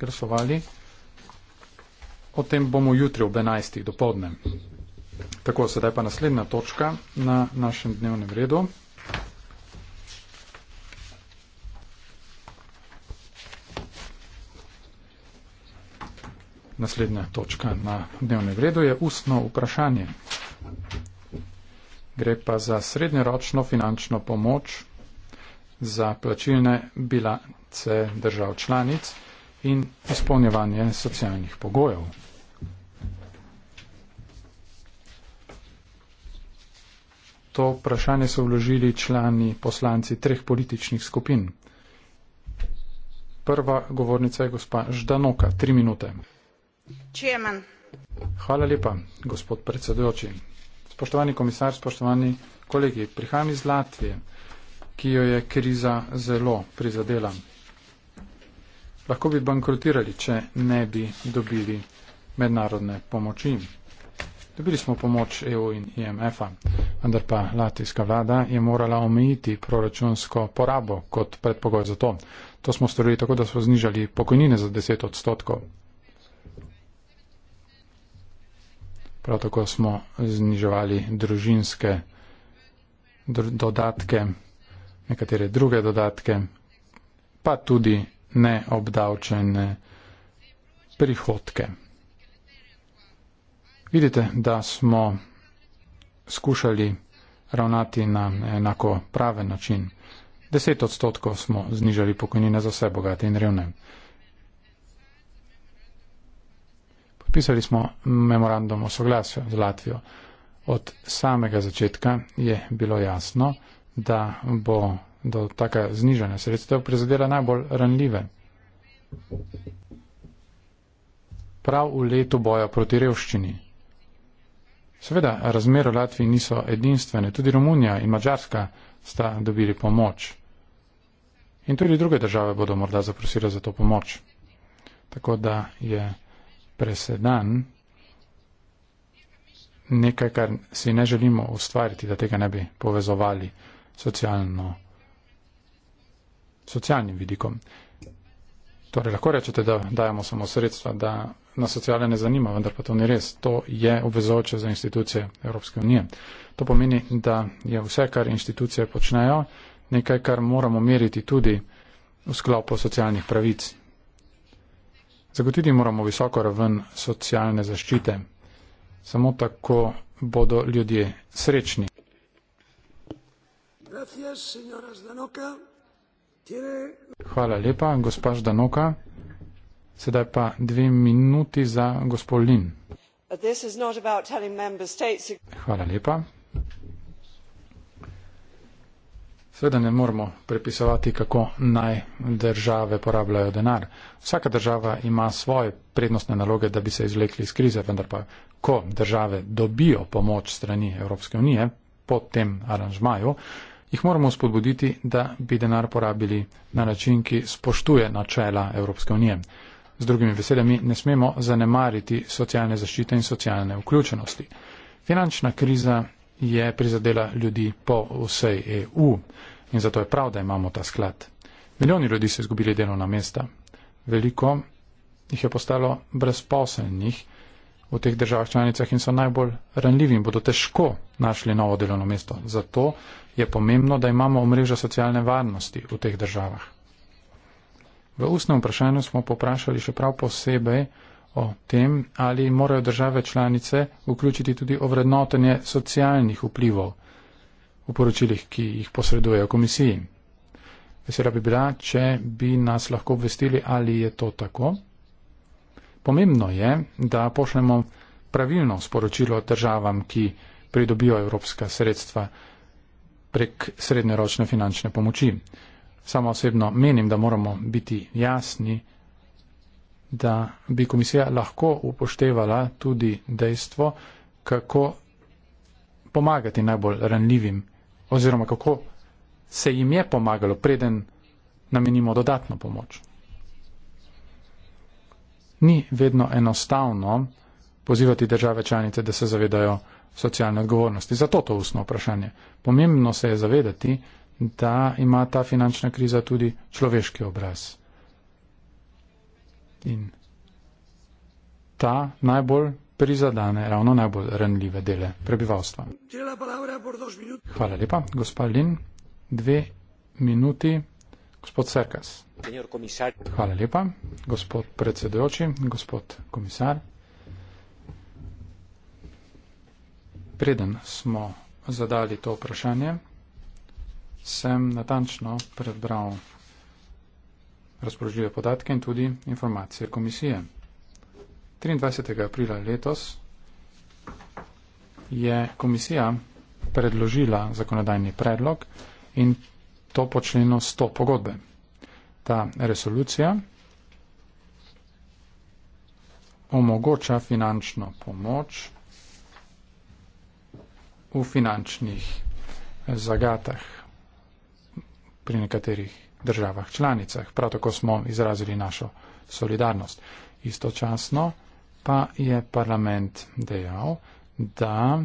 glasovali. O tem bomo jutri ob 11. dopoldne. Tako, sedaj pa naslednja točka na našem dnevnem redu. Naslednja točka na dnevnem redu je ustno vprašanje. Gre pa za srednjeročno finančno pomoč za plačilne bilance držav članic 2021-2022 in izpolnjevanje socialnih pogojev. To vprašanje so vložili člani poslanci treh političnih skupin. Prva govornica je gospa Ždanoka, tri minute. Čemen. Hvala lepa, gospod predsedujoči. Spoštovani komisar, spoštovani kolegi, prihajam iz Latvije, ki jo je kriza zelo prizadela lahko bi bankrotirali, če ne bi dobili mednarodne pomoči. Dobili smo pomoč EU in IMF-a, e vendar pa latvijska vlada je morala omejiti proračunsko porabo kot predpogoj za to. To smo storili tako, da smo znižali pokojnine za 10 odstotkov. Prav tako smo zniževali družinske dr dodatke, nekatere druge dodatke, pa tudi neobdavčene prihodke. Vidite, da smo skušali ravnati na enako praven način. Deset odstotkov smo znižali pokojnine za vse bogate in revne. Podpisali smo memorandum o soglasju z Latvijo. Od samega začetka je bilo jasno, da bo do taka znižanja sredstev prizadela najbolj ranljive. Prav v letu boja proti revščini. Seveda, razmere v Latviji niso edinstvene, tudi Romunija in Mačarska sta dobili pomoč. In tudi druge države bodo morda zaprosile za to pomoč. Tako da je presedan nekaj, kar si ne želimo ustvariti, da tega ne bi povezovali socialno socialnim vidikom. Torej, lahko rečete, da dajemo samo sredstva, da nas socialne ne zanima, vendar pa to ni res. To je obvezoče za institucije Evropske unije. To pomeni, da je vse, kar institucije počnejo, nekaj, kar moramo meriti tudi v sklopu socialnih pravic. Zagotiti moramo visoko raven socialne zaščite. Samo tako bodo ljudje srečni. Gracias, Hvala lepa, gospa Ždanoka. Sedaj pa dve minuti za gospod Lin. Hvala lepa. Sveda ne moramo prepisovati, kako naj države porabljajo denar. Vsaka država ima svoje prednostne naloge, da bi se izvlekli iz krize, vendar pa, ko države dobijo pomoč strani Evropske unije po tem aranžmaju, jih moramo spodbuditi, da bi denar porabili na način, ki spoštuje načela Evropske unije. Z drugimi besedami, ne smemo zanemariti socialne zaščite in socialne vključenosti. Finančna kriza je prizadela ljudi po vsej EU in zato je prav, da imamo ta sklad. Milijoni ljudi so izgubili delovna mesta, veliko jih je postalo brezposelnih v teh državah članicah in so najbolj ranljivi in bodo težko našli novo delovno mesto. Zato je pomembno, da imamo omrežje socialne varnosti v teh državah. V ustnem vprašanju smo poprašali še prav posebej o tem, ali morajo države članice vključiti tudi ovrednotenje socialnih vplivov v poročilih, ki jih posredujejo komisiji. Vesela bi bila, če bi nas lahko obvestili, ali je to tako. Pomembno je, da pošljemo pravilno sporočilo državam, ki pridobijo evropska sredstva prek srednjeročne finančne pomoči. Samo osebno menim, da moramo biti jasni, da bi komisija lahko upoštevala tudi dejstvo, kako pomagati najbolj ranljivim oziroma kako se jim je pomagalo, preden namenimo dodatno pomoč ni vedno enostavno pozivati države članice, da se zavedajo socialne odgovornosti. Zato to usno vprašanje. Pomembno se je zavedati, da ima ta finančna kriza tudi človeški obraz. In ta najbolj prizadane, ravno najbolj renljive dele prebivalstva. Hvala lepa, gospod Lin. Dve minuti. Gospod Serkas. Hvala lepa, gospod predsedujoči, gospod komisar. Preden smo zadali to vprašanje, sem natančno prebral razpoložljive podatke in tudi informacije komisije. 23. aprila letos je komisija predložila zakonodajni predlog in to počleno 100 pogodbe. Ta resolucija omogoča finančno pomoč v finančnih zagatah pri nekaterih državah članicah. Prav tako smo izrazili našo solidarnost. Istočasno pa je parlament dejal, da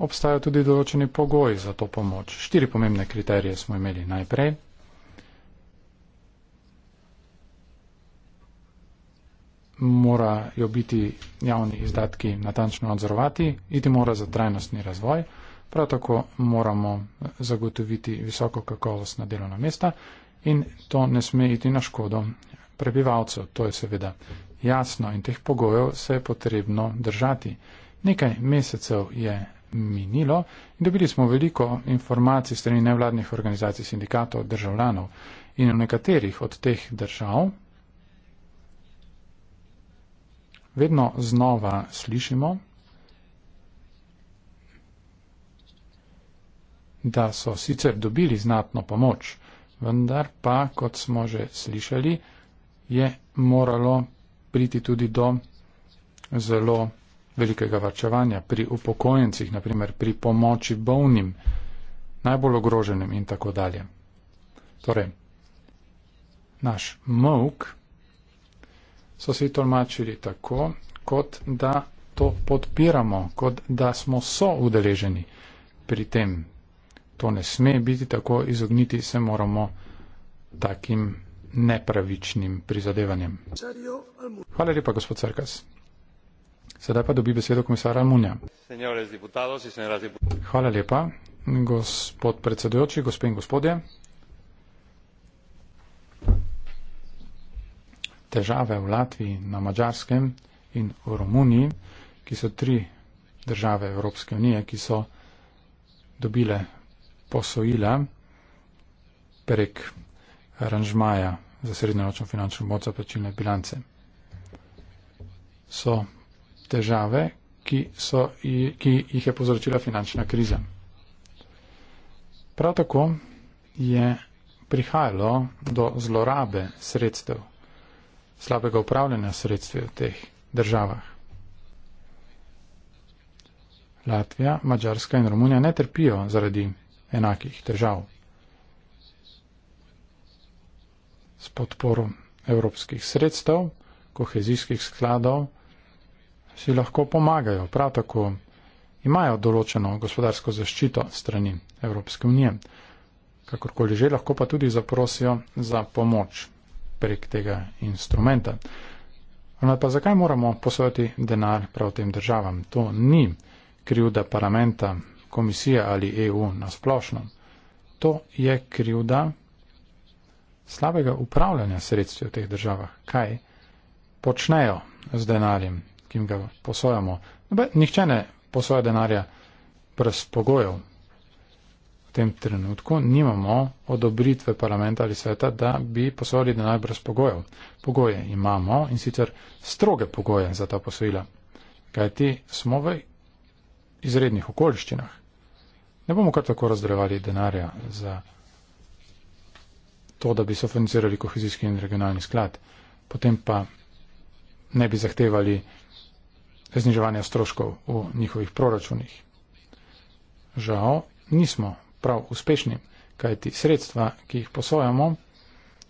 obstajajo tudi določeni pogoji za to pomoč. Štiri pomembne kriterije smo imeli najprej. Morajo biti javni izdatki natančno nadzorovati, iti mora za trajnostni razvoj, prav tako moramo zagotoviti visoko kakovostna delovna mesta in to ne sme iti na škodo prebivalcev. To je seveda jasno in teh pogojev se je potrebno držati. Nekaj mesecev je minilo in dobili smo veliko informacij strani nevladnih organizacij, sindikatov, državljanov in v nekaterih od teh držav vedno znova slišimo, da so sicer dobili znatno pomoč, vendar pa, kot smo že slišali, je moralo priti tudi do zelo velikega varčevanja, pri upokojencih, naprimer pri pomoči bolnim, najbolj ogroženim in tako dalje. Torej, naš mok so si tolmačili tako, kot da to podpiramo, kot da smo soudeleženi pri tem. To ne sme biti tako, izogniti se moramo takim nepravičnim prizadevanjem. Hvala lepa, gospod Cerkas. Sedaj pa dobi besedo komisar Almunja. Hvala lepa, gospod predsedujoči, gospe in gospodje. Težave v Latviji, na Mačarskem in v Romuniji, ki so tri države Evropske unije, ki so dobile posojila prek aranžmaja za srednjeročno finančno moč za plačilne bilance. So težave, ki, so, ki jih je povzročila finančna kriza. Prav tako je prihajalo do zlorabe sredstev, slabega upravljanja sredstev v teh državah. Latvija, Mačarska in Romunija ne trpijo zaradi enakih težav s podporo evropskih sredstev, kohezijskih skladov, si lahko pomagajo, prav tako imajo določeno gospodarsko zaščito strani Evropske unije. Kakorkoli že, lahko pa tudi zaprosijo za pomoč prek tega instrumenta. Ampak no, pa zakaj moramo posojati denar prav tem državam? To ni krivda parlamenta, komisije ali EU na splošno. To je krivda slabega upravljanja sredstvi v teh državah. Kaj počnejo z denarjem? ki jim ga posojamo. Be, nihče ne posoja denarja brez pogojev. V tem trenutku nimamo odobritve parlamenta ali sveta, da bi posojali denar brez pogojev. Pogoje imamo in sicer stroge pogoje za ta posojila. Kaj ti smo v izrednih okoliščinah? Ne bomo kar tako razdeljevali denarja za to, da bi sofinancirali kohezijski in regionalni sklad, potem pa ne bi zahtevali zniževanja stroškov v njihovih proračunih. Žal nismo prav uspešni, kajti sredstva, ki jih posojamo,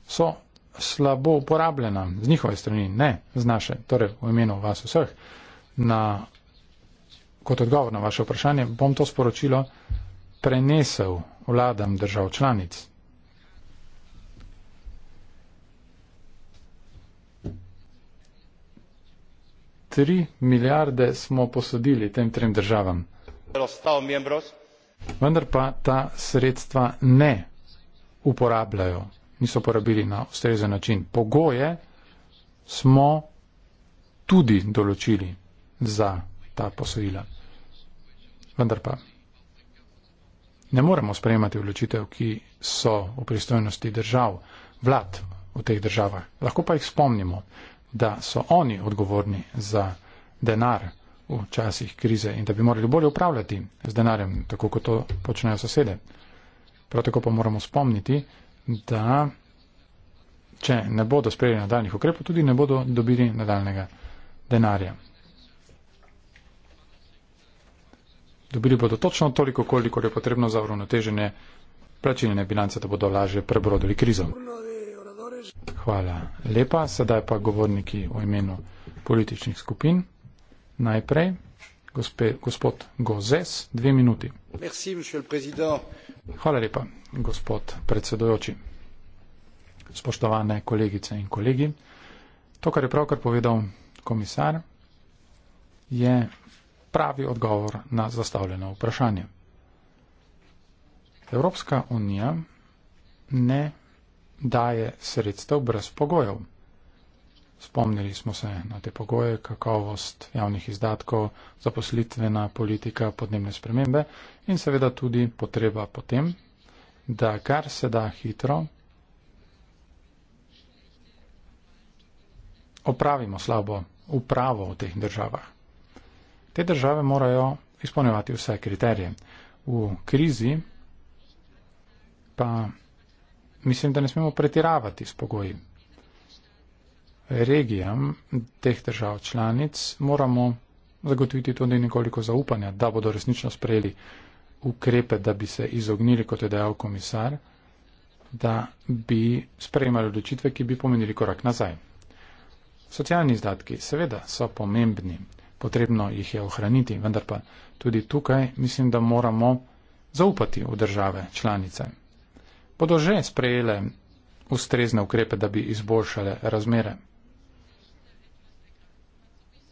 so slabo uporabljena z njihove strani, ne z naše, torej v imenu vas vseh. Na, kot odgovor na vaše vprašanje bom to sporočilo prenesel vladam držav članic. 3 milijarde smo posodili tem trem državam. Vendar pa ta sredstva ne uporabljajo, niso porabili na ustrezen način. Pogoje smo tudi določili za ta posojila. Vendar pa ne moremo sprejemati vločitev, ki so v pristojnosti držav, vlad v teh državah. Lahko pa jih spomnimo, da so oni odgovorni za denar v časih krize in da bi morali bolje upravljati z denarjem, tako kot to počnejo sosede. Prav tako pa moramo spomniti, da če ne bodo sprejeli nadaljnih ukrepov, tudi ne bodo dobili nadaljnega denarja. Dobili bodo točno toliko, koliko je potrebno za uravnoteženje plačilne bilance, da bodo lažje prebrodili krizo. Hvala lepa. Sedaj pa govorniki v imenu političnih skupin. Najprej gospe, gospod Gozes, dve minuti. Merci, Hvala lepa, gospod predsedojoči. Spoštovane kolegice in kolegi, to, kar je pravkar povedal komisar, je pravi odgovor na zastavljeno vprašanje. Evropska unija ne daje sredstev brez pogojev. Spomnili smo se na te pogoje, kakovost javnih izdatkov, zaposlitvena politika, podnebne spremembe in seveda tudi potreba potem, da kar se da hitro opravimo slabo upravo v teh državah. Te države morajo izpolnjevati vse kriterije. V krizi pa mislim, da ne smemo pretiravati s pogoji. Regijam teh držav članic moramo zagotoviti tudi nekoliko zaupanja, da bodo resnično sprejeli ukrepe, da bi se izognili, kot je dejal komisar, da bi sprejemali odločitve, ki bi pomenili korak nazaj. Socialni izdatki seveda so pomembni, potrebno jih je ohraniti, vendar pa tudi tukaj mislim, da moramo zaupati v države članice bodo že sprejele ustrezne ukrepe, da bi izboljšale razmere.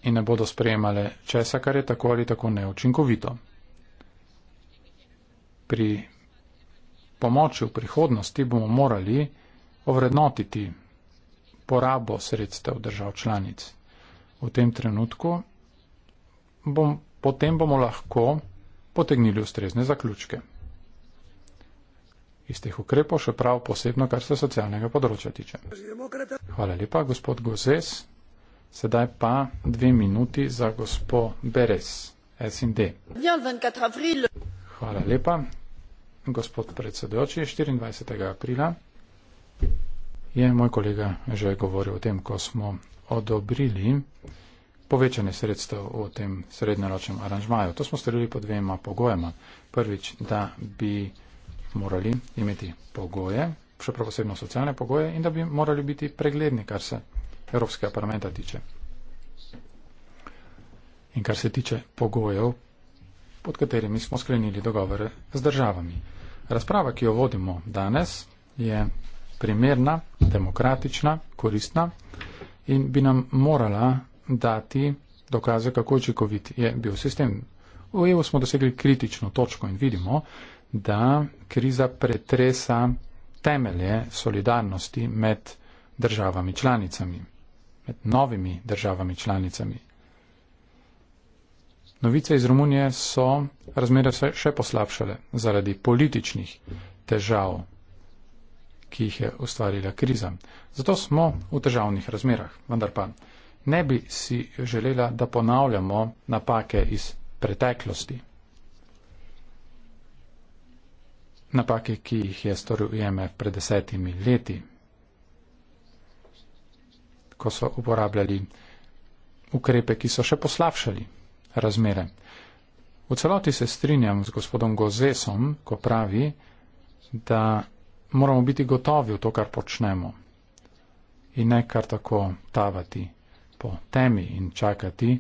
In ne bodo sprejemale česa, kar je tako ali tako neučinkovito. Pri pomoči v prihodnosti bomo morali ovrednotiti porabo sredstev držav članic. V tem trenutku bom, potem bomo lahko potegnili ustrezne zaključke iz teh ukrepov, še prav posebno, kar se socialnega področja tiče. Hvala lepa, gospod Gozes. Sedaj pa dve minuti za gospod Beres, SND. Hvala lepa, gospod predsedujoči. 24. aprila je moj kolega že govoril o tem, ko smo odobrili povečanje sredstev v tem srednjeročnem aranžmaju. To smo storili pod dvema pogojema. Prvič, da bi morali imeti pogoje, še posebno socialne pogoje, in da bi morali biti pregledni, kar se Evropskega parlamenta tiče. In kar se tiče pogojev, pod katerimi smo sklenili dogovore z državami. Razprava, ki jo vodimo danes, je primerna, demokratična, koristna in bi nam morala dati dokaze, kako očekovit je bil sistem. V EU smo dosegli kritično točko in vidimo, da kriza pretresa temelje solidarnosti med državami članicami, med novimi državami članicami. Novice iz Romunije so razmere še poslabšale zaradi političnih težav, ki jih je ustvarila kriza. Zato smo v težavnih razmerah, vendar pa ne bi si želela, da ponavljamo napake iz preteklosti. napake, ki jih je storil IMF pred desetimi leti, ko so uporabljali ukrepe, ki so še poslavšali razmere. V celoti se strinjam z gospodom Gozesom, ko pravi, da moramo biti gotovi v to, kar počnemo in ne kar tako tavati po temi in čakati,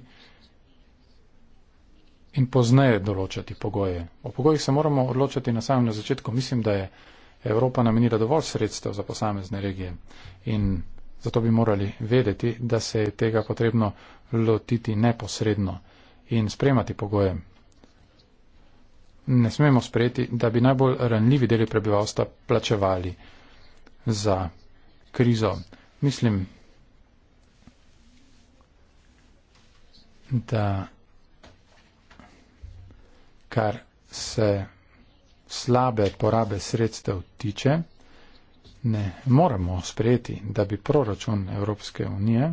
in pozneje določati pogoje. O pogojih se moramo odločati na samem na začetku. Mislim, da je Evropa namenila dovolj sredstev za posamezne regije in zato bi morali vedeti, da se je tega potrebno lotiti neposredno in spremati pogoje. Ne smemo sprejeti, da bi najbolj ranljivi deli prebivalstva plačevali za krizo. Mislim, da kar se slabe porabe sredstev tiče, ne moramo sprejeti, da bi proračun Evropske unije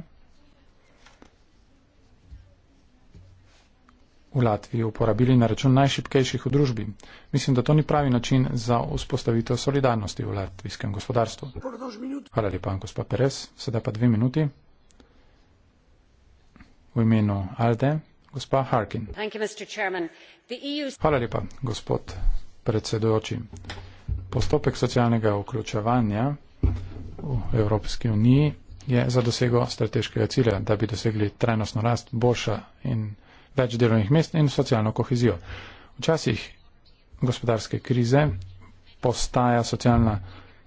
v Latviji uporabili na račun najšipkejših v družbi. Mislim, da to ni pravi način za vzpostavitev solidarnosti v latvijskem gospodarstvu. Hvala lepa, gospod Perez. Sedaj pa dve minuti. V imenu Alde, Gospa Harkin. E Hvala lepa, gospod predsedujoči. Postopek socialnega vključevanja v Evropski uniji je za dosego strateškega cilja, da bi dosegli trajnostno rast, boljša in več delovnih mest in socialno kohezijo. Včasih gospodarske krize postaja socialna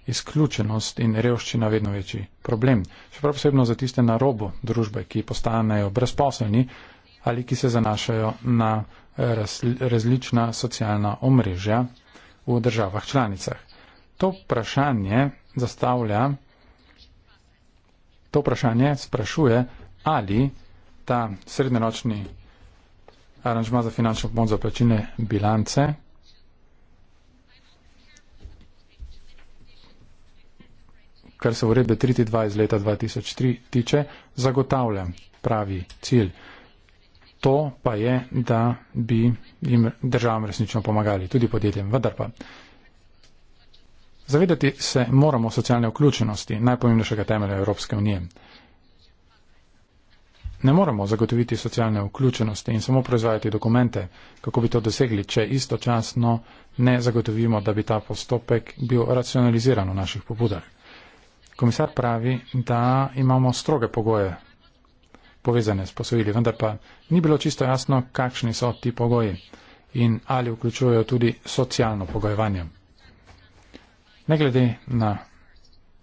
izključenost in revščina vedno večji problem. Še prav posebno za tiste na robu družbe, ki postanejo brezposelni, ali ki se zanašajo na eh, različna socialna omrežja v državah članicah. To vprašanje zastavlja, to vprašanje sprašuje, ali ta srednjeročni aranžma za finančno pomoč za plačilne bilance kar se uredbe 3.2 iz leta 2003 tiče, zagotavlja pravi cilj to pa je, da bi jim državam resnično pomagali, tudi podjetjem, vendar pa. Zavedati se moramo socialne vključenosti, najpomembnejšega temelja Evropske unije. Ne moremo zagotoviti socialne vključenosti in samo proizvajati dokumente, kako bi to dosegli, če istočasno ne zagotovimo, da bi ta postopek bil racionaliziran v naših pobudah. Komisar pravi, da imamo stroge pogoje povezane s posojili, vendar pa ni bilo čisto jasno, kakšni so ti pogoji in ali vključujejo tudi socialno pogojevanje. Ne glede na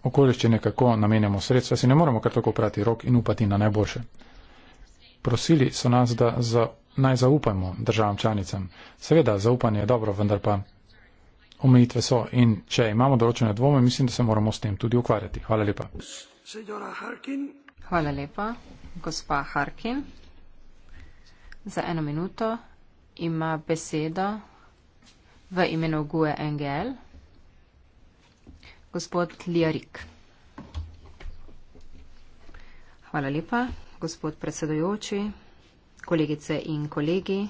okoliščine, kako namenjamo sredstva, si ne moramo kar tako prati rok in upati na najboljše. Prosili so nas, da za, naj zaupamo državam članicam. Seveda, zaupanje je dobro, vendar pa omejitve so in če imamo določene dvome, mislim, da se moramo s tem tudi ukvarjati. Hvala lepa. Hvala lepa gospa Harkin. Za eno minuto ima besedo v imenu Gue NGL gospod Ljarik. Hvala lepa, gospod predsedojoči, kolegice in kolegi,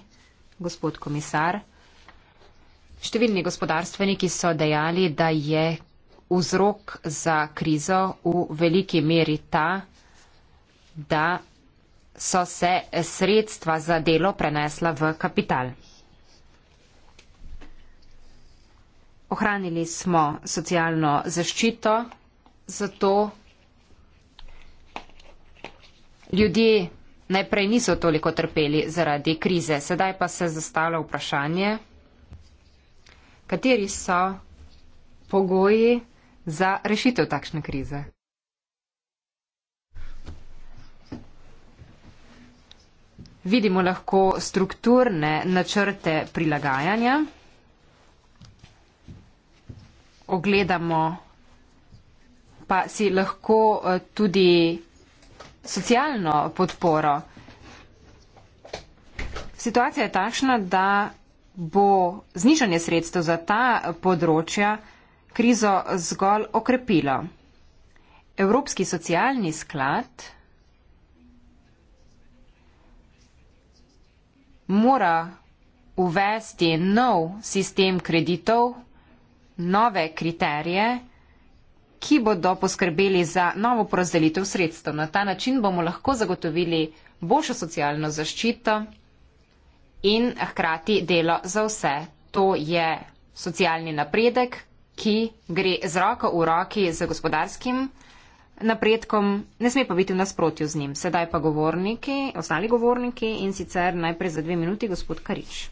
gospod komisar. Številni gospodarstveniki so dejali, da je vzrok za krizo v veliki meri ta, da so se sredstva za delo prenesla v kapital. Ohranili smo socialno zaščito, zato ljudje najprej niso toliko trpeli zaradi krize. Sedaj pa se zastavlja vprašanje, kateri so pogoji za rešitev takšne krize. vidimo lahko strukturne načrte prilagajanja. Ogledamo pa si lahko eh, tudi socialno podporo. Situacija je takšna, da bo znižanje sredstev za ta eh, področja krizo zgolj okrepilo. Evropski socialni sklad mora uvesti nov sistem kreditov, nove kriterije, ki bodo poskrbeli za novo porazdelitev sredstev. Na ta način bomo lahko zagotovili boljšo socialno zaščito in hkrati delo za vse. To je socialni napredek, ki gre z roko v roki z gospodarskim napredkom napredkom, ne sme pa biti v nasprotju z njim. Sedaj pa govorniki, ostali govorniki in sicer najprej za dve minuti gospod Karič.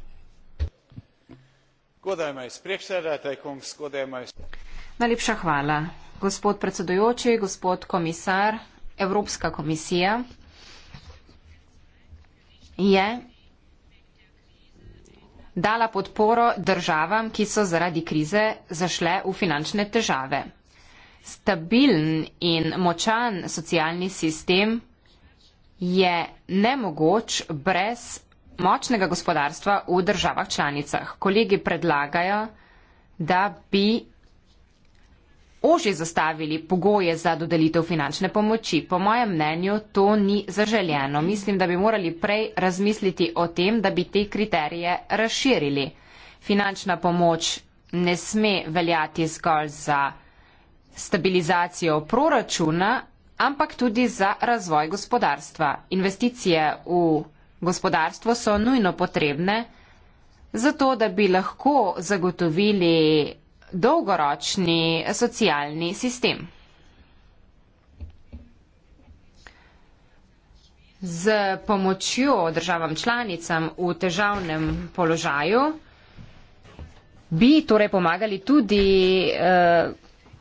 Najlepša hvala. Gospod predsedujoči, gospod komisar, Evropska komisija je dala podporo državam, ki so zaradi krize zašle v finančne težave. Stabilen in močan socialni sistem je nemogoč brez močnega gospodarstva v državah članicah. Kolegi predlagajo, da bi ožje zastavili pogoje za dodelitev finančne pomoči. Po mojem mnenju to ni zaželjeno. Mislim, da bi morali prej razmisliti o tem, da bi te kriterije razširili. Finančna pomoč ne sme veljati zgolj za stabilizacijo proračuna, ampak tudi za razvoj gospodarstva. Investicije v gospodarstvo so nujno potrebne, zato da bi lahko zagotovili dolgoročni socialni sistem. Z pomočjo državam članicam v težavnem položaju bi torej pomagali tudi eh,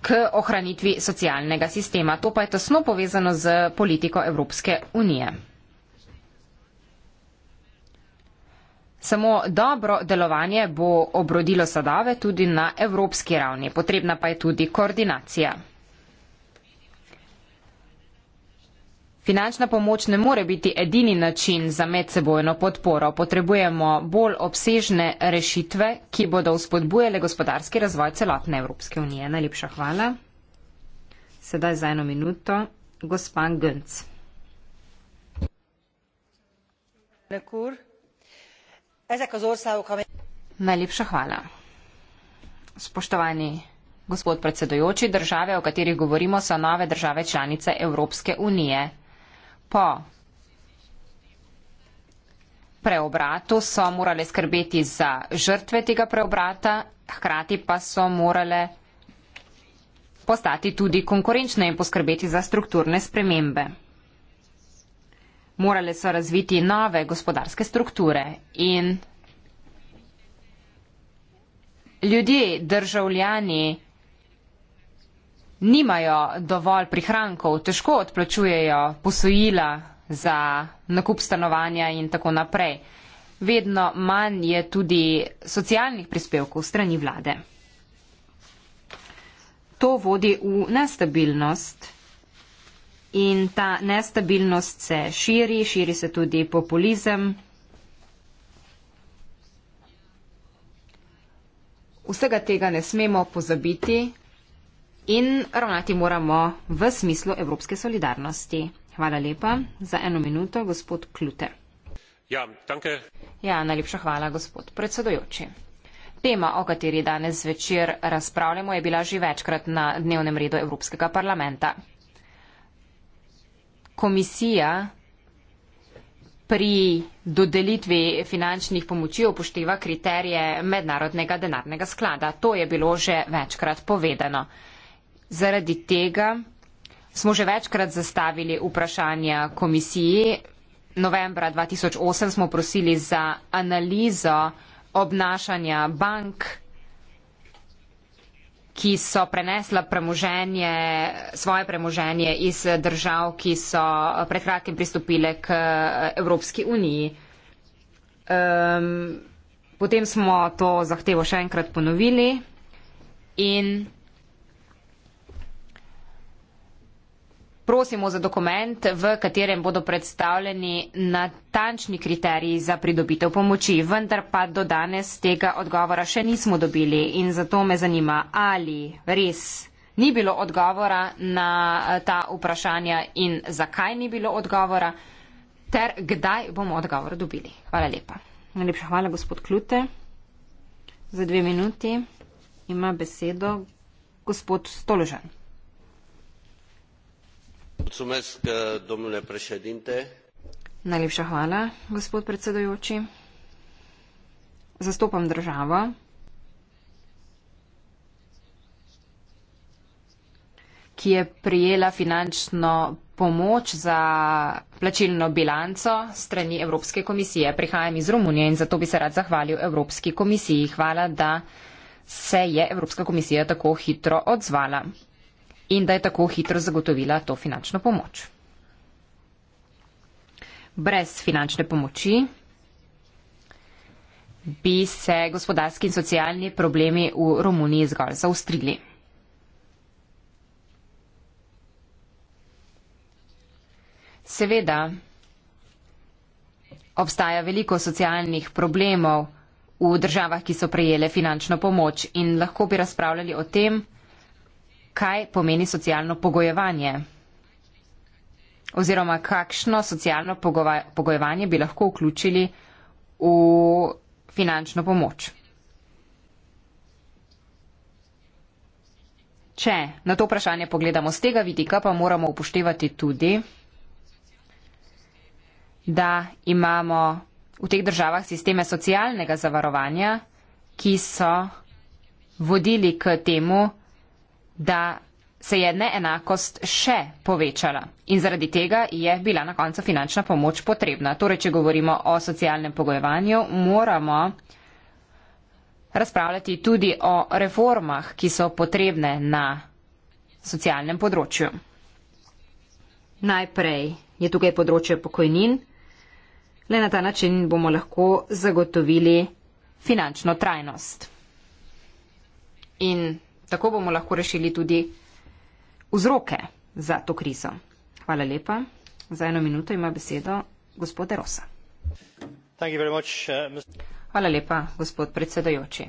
k ohranitvi socialnega sistema. To pa je tesno povezano z politiko Evropske unije. Samo dobro delovanje bo obrodilo sadave tudi na evropski ravni. Potrebna pa je tudi koordinacija. Finančna pomoč ne more biti edini način za medsebojno podporo. Potrebujemo bolj obsežne rešitve, ki bodo vzpodbujale gospodarski razvoj celotne Evropske unije. Najlepša hvala. Sedaj za eno minuto. Gospan Gönc. Najlepša hvala. Spoštovani. Gospod predsedujoči, države, o katerih govorimo, so nove države članice Evropske unije po preobratu so morale skrbeti za žrtve tega preobrata, hkrati pa so morale postati tudi konkurenčne in poskrbeti za strukturne spremembe. Morale so razviti nove gospodarske strukture in ljudje, državljani, nimajo dovolj prihrankov, težko odplačujejo posojila za nakup stanovanja in tako naprej. Vedno manj je tudi socialnih prispevkov strani vlade. To vodi v nestabilnost in ta nestabilnost se širi, širi se tudi populizem. Vsega tega ne smemo pozabiti, in ravnati moramo v smislu evropske solidarnosti. Hvala lepa za eno minuto, gospod Klute. Ja, danke. Ja, najlepša hvala, gospod predsedojoči. Tema, o kateri danes večer razpravljamo, je bila že večkrat na dnevnem redu Evropskega parlamenta. Komisija pri dodelitvi finančnih pomoči upošteva kriterije mednarodnega denarnega sklada. To je bilo že večkrat povedano. Zaradi tega smo že večkrat zastavili vprašanja komisiji. Novembra 2008 smo prosili za analizo obnašanja bank, ki so prenesla premoženje, svoje premoženje iz držav, ki so pred kratkim pristopile k Evropski uniji. Um, potem smo to zahtevo še enkrat ponovili in prosimo za dokument, v katerem bodo predstavljeni natančni kriteriji za pridobitev pomoči, vendar pa do danes tega odgovora še nismo dobili in zato me zanima, ali res ni bilo odgovora na eh, ta vprašanja in zakaj ni bilo odgovora ter kdaj bomo odgovor dobili. Hvala lepa. Najlepša hvala, gospod Klute. Za dve minuti ima besedo gospod Stoložan. Mulțumesc, domnule președinte. Najlepša hvala, gospod predsedujoči. Zastopam državo. ki je prijela finančno pomoč za plačilno bilanco strani Evropske komisije. Prihajam iz Romunije in zato bi se rad zahvalil Evropski komisiji. Hvala, da se je Evropska komisija tako hitro odzvala in da je tako hitro zagotovila to finančno pomoč. Brez finančne pomoči bi se gospodarski in socialni problemi v Romuniji zgolj zaustrili. Seveda obstaja veliko socialnih problemov v državah, ki so prejele finančno pomoč in lahko bi razpravljali o tem, kaj pomeni socialno pogojevanje oziroma kakšno socialno pogojevanje bi lahko vključili v finančno pomoč. Če na to vprašanje pogledamo z tega vidika, pa moramo upoštevati tudi, da imamo v teh državah sisteme socialnega zavarovanja, ki so vodili k temu, da se je neenakost še povečala in zaradi tega je bila na koncu finančna pomoč potrebna. Torej, če govorimo o socialnem pogojevanju, moramo razpravljati tudi o reformah, ki so potrebne na socialnem področju. Najprej je tukaj področje pokojnin. Le na ta način bomo lahko zagotovili finančno trajnost. In Tako bomo lahko rešili tudi vzroke za to krizo. Hvala lepa. Za eno minuto ima besedo gospod Rosa. Uh, Hvala lepa, gospod predsedojoči.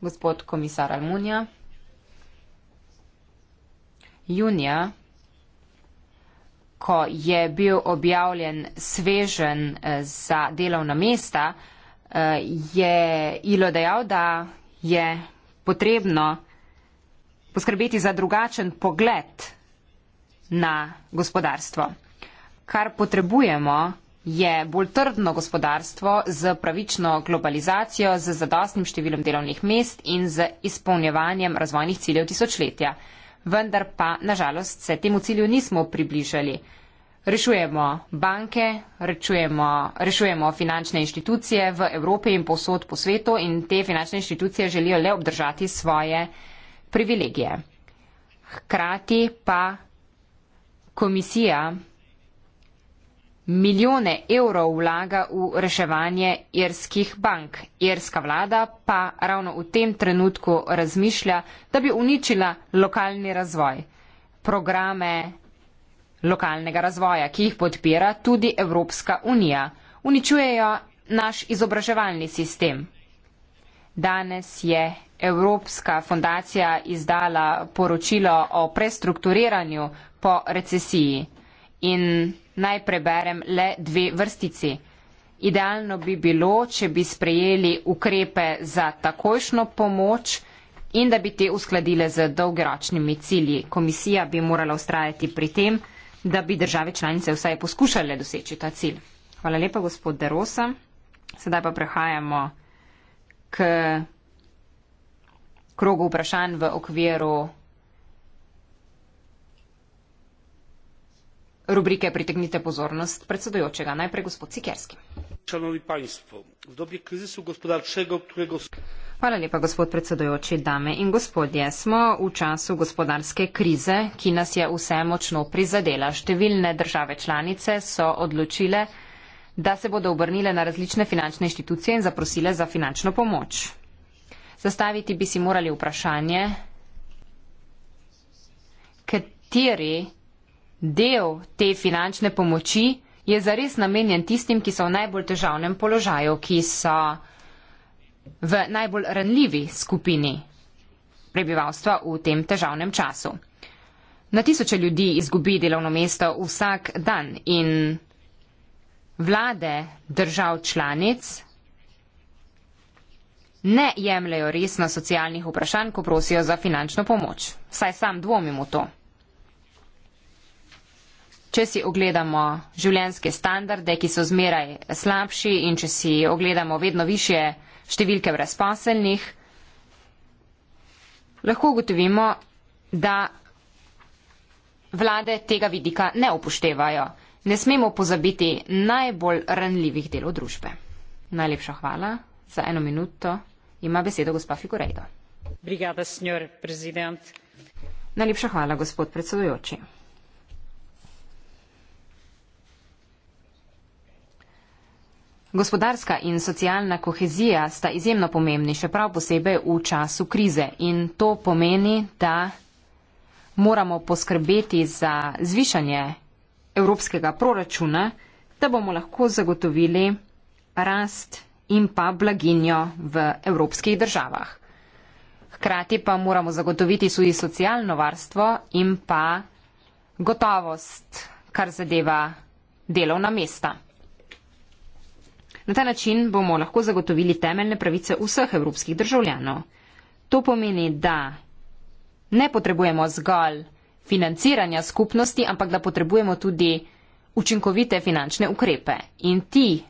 Gospod komisar Almunija, junija, ko je bil objavljen svežen eh, za delovna mesta, eh, je Ilo dejal, da je potrebno poskrbeti za drugačen pogled na gospodarstvo. Kar potrebujemo je bolj trdno gospodarstvo z pravično globalizacijo, z zadostnim številom delovnih mest in z izpolnjevanjem razvojnih ciljev tisočletja. Vendar pa, nažalost, se temu cilju nismo približali. Rešujemo banke, rečujemo, rešujemo finančne inštitucije v Evropi in posod po svetu in te finančne inštitucije želijo le obdržati svoje privilegije. Hkrati pa komisija milijone evrov vlaga v reševanje irskih bank. Irska vlada pa ravno v tem trenutku razmišlja, da bi uničila lokalni razvoj, programe lokalnega razvoja, ki jih podpira tudi Evropska unija, uničujejo naš izobraževalni sistem. Danes je Evropska fundacija izdala poročilo o prestrukturiranju po recesiji in naj preberem le dve vrstici. Idealno bi bilo, če bi sprejeli ukrepe za takojšno pomoč in da bi te uskladile z dolgeročnimi cilji. Komisija bi morala ustrajati pri tem, da bi države članice vsaj poskušale doseči ta cilj. Hvala lepa, gospod Derosa. Sedaj pa prehajamo k krogu vprašanj v okviru rubrike Pritegnite pozornost predsedujočega. Najprej gospod Sikerski. Šanovni panjstvo, v dobi krizisu gospodarčega, kterega so. Hvala lepa, gospod predsedojoči, dame in gospodje. Smo v času gospodarske krize, ki nas je vse močno prizadela. Številne države članice so odločile, da se bodo obrnile na različne finančne inštitucije in zaprosile za finančno pomoč. Zastaviti bi si morali vprašanje, kateri del te finančne pomoči je zares namenjen tistim, ki so v najbolj težavnem položaju, ki so v najbolj ranljivi skupini prebivalstva v tem težavnem času. Na tisoče ljudi izgubi delovno mesto vsak dan in vlade držav članic ne jemljajo resno socialnih vprašanj, ko prosijo za finančno pomoč. Saj sam dvomim v to. Če si ogledamo življenjske standarde, ki so zmeraj slabši in če si ogledamo vedno više številke brezposelnih, lahko ugotovimo, da vlade tega vidika ne upoštevajo. Ne smemo pozabiti najbolj ranljivih delov družbe. Najlepša hvala. Za eno minuto ima besedo gospa Figurejdo. Najlepša hvala, gospod predsedujoči. Gospodarska in socialna kohezija sta izjemno pomembni, še prav posebej v času krize. In to pomeni, da moramo poskrbeti za zvišanje evropskega proračuna, da bomo lahko zagotovili rast in pa blaginjo v evropskih državah. Hkrati pa moramo zagotoviti tudi socialno varstvo in pa gotovost, kar zadeva delovna mesta. Na ta način bomo lahko zagotovili temeljne pravice vseh evropskih državljanov. To pomeni, da ne potrebujemo zgolj financiranja skupnosti, ampak da potrebujemo tudi učinkovite finančne ukrepe. In ti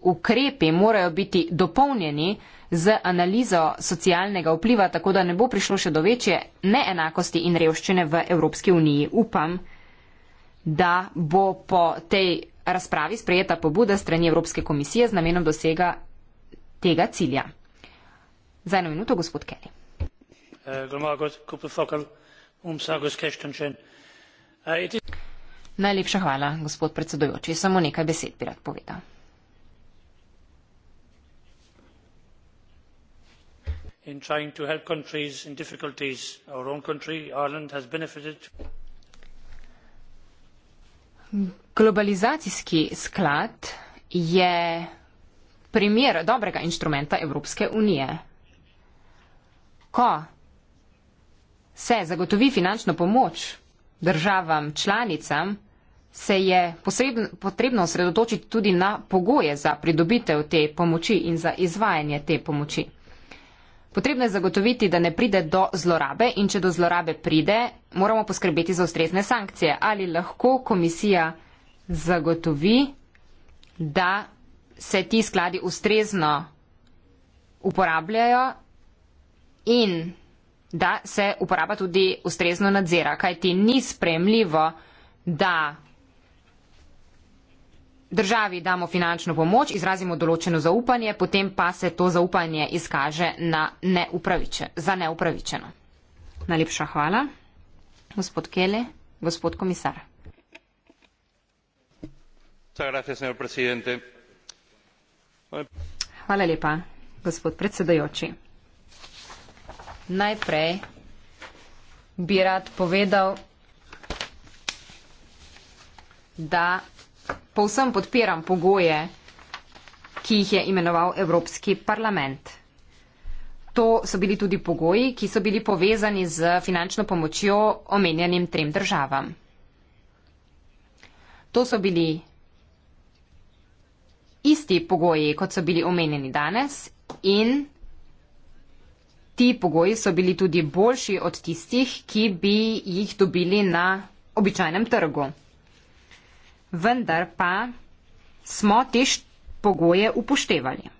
ukrepi morajo biti dopolnjeni z analizo socialnega vpliva, tako da ne bo prišlo še do večje neenakosti in revščine v Evropski uniji. Upam, da bo po tej razpravi sprejeta pobuda strani Evropske komisije z namenom dosega tega cilja. Za eno minuto, gospod Kelly. Najlepša hvala, gospod predsedujoči. Samo nekaj besed bi rad povedal. In trying to help countries in difficulties, our own country, Ireland, has benefited. Globalizacijski sklad je primer dobrega instrumenta Evropske unije. Ko se zagotovi finančno pomoč državam članicam, se je posredno, potrebno osredotočiti tudi na pogoje za pridobitev te pomoči in za izvajanje te pomoči. Potrebno je zagotoviti, da ne pride do zlorabe in če do zlorabe pride, moramo poskrbeti za ustrezne sankcije. Ali lahko komisija zagotovi, da se ti skladi ustrezno uporabljajo in da se uporaba tudi ustrezno nadzira, kajti ni spremljivo, da državi damo finančno pomoč, izrazimo določeno zaupanje, potem pa se to zaupanje izkaže neupraviče, za neupravičeno. Najlepša hvala, gospod Kele, gospod komisar. Hvala lepa, gospod predsedajoči. Najprej bi rad povedal, da povsem podpiram pogoje, ki jih je imenoval Evropski parlament. To so bili tudi pogoji, ki so bili povezani z finančno pomočjo omenjenim trem državam. To so bili isti pogoji, kot so bili omenjeni danes in ti pogoji so bili tudi boljši od tistih, ki bi jih dobili na običajnem trgu vendar pa smo te pogoje upoštevali.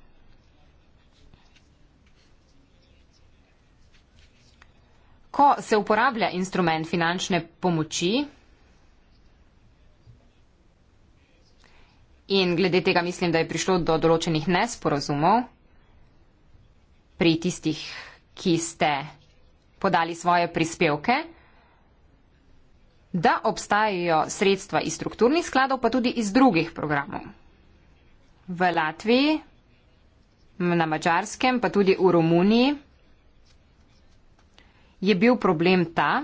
Ko se uporablja instrument finančne pomoči in glede tega mislim, da je prišlo do določenih nesporazumov pri tistih, ki ste podali svoje prispevke, da obstajajo sredstva iz strukturnih skladov, pa tudi iz drugih programov. V Latviji, na Mačarskem, pa tudi v Romuniji je bil problem ta,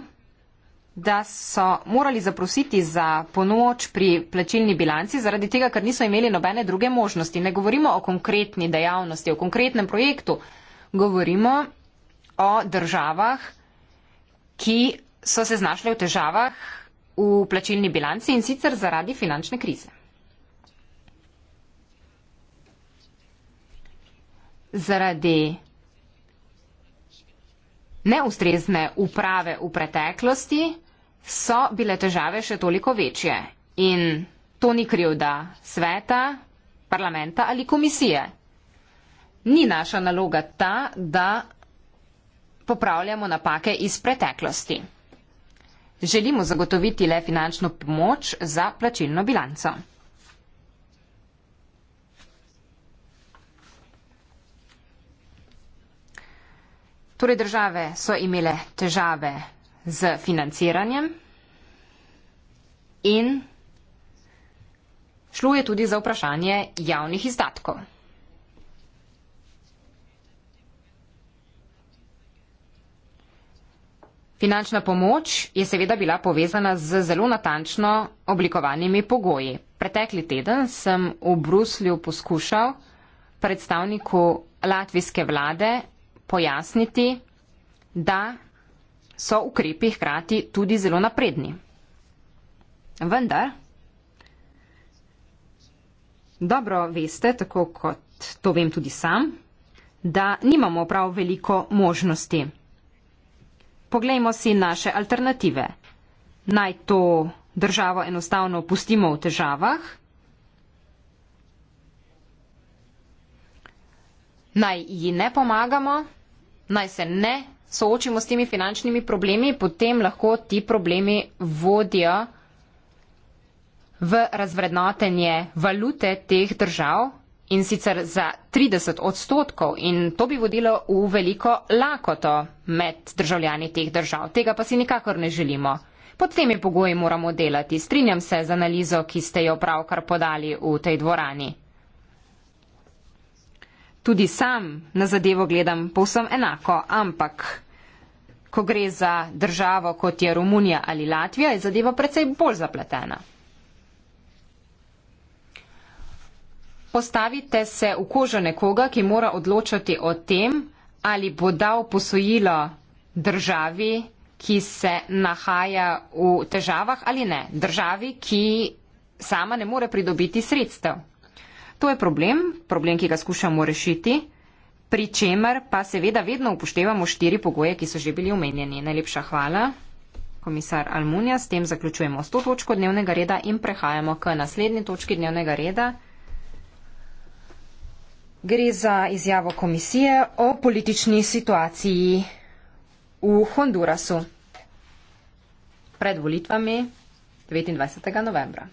da so morali zaprositi za pomoč pri plačilni bilanci zaradi tega, ker niso imeli nobene druge možnosti. Ne govorimo o konkretni dejavnosti, o konkretnem projektu, govorimo o državah, ki so se znašle v težavah v plačilni bilanci in sicer zaradi finančne krize. Zaradi neustrezne uprave v preteklosti so bile težave še toliko večje in to ni krivda sveta, parlamenta ali komisije. Ni naša naloga ta, da popravljamo napake iz preteklosti želimo zagotoviti le finančno pomoč za plačilno bilanco. Torej države so imele težave z financiranjem in šlo je tudi za vprašanje javnih izdatkov. Finančna pomoč je seveda bila povezana z zelo natančno oblikovanimi pogoji. Pretekli teden sem v Bruslju poskušal predstavniku latvijske vlade pojasniti, da so ukrepi hkrati tudi zelo napredni. Vendar, dobro veste, tako kot to vem tudi sam, da nimamo prav veliko možnosti. Poglejmo si naše alternative. Naj to državo enostavno pustimo v težavah, naj ji ne pomagamo, naj se ne soočimo s temi finančnimi problemi, potem lahko ti problemi vodijo v razvrednotenje valute teh držav, in sicer za 30 odstotkov in to bi vodilo v veliko lakoto med državljani teh držav. Tega pa si nikakor ne želimo. Pod temi pogoji moramo delati. Strinjam se z analizo, ki ste jo pravkar podali v tej dvorani. Tudi sam na zadevo gledam povsem enako, ampak ko gre za državo kot je Romunija ali Latvija, je zadeva precej bolj zapletena. Postavite se v kožo nekoga, ki mora odločati o tem, ali bo dal posojilo državi, ki se nahaja v težavah ali ne. Državi, ki sama ne more pridobiti sredstev. To je problem, problem, ki ga skušamo rešiti, pri čemer pa seveda vedno upoštevamo štiri pogoje, ki so že bili omenjeni. Najlepša hvala, komisar Almunija. S tem zaključujemo 100 točko dnevnega reda in prehajamo k naslednji točki dnevnega reda. Gre za izjavo komisije o politični situaciji v Hondurasu pred volitvami 29. novembra.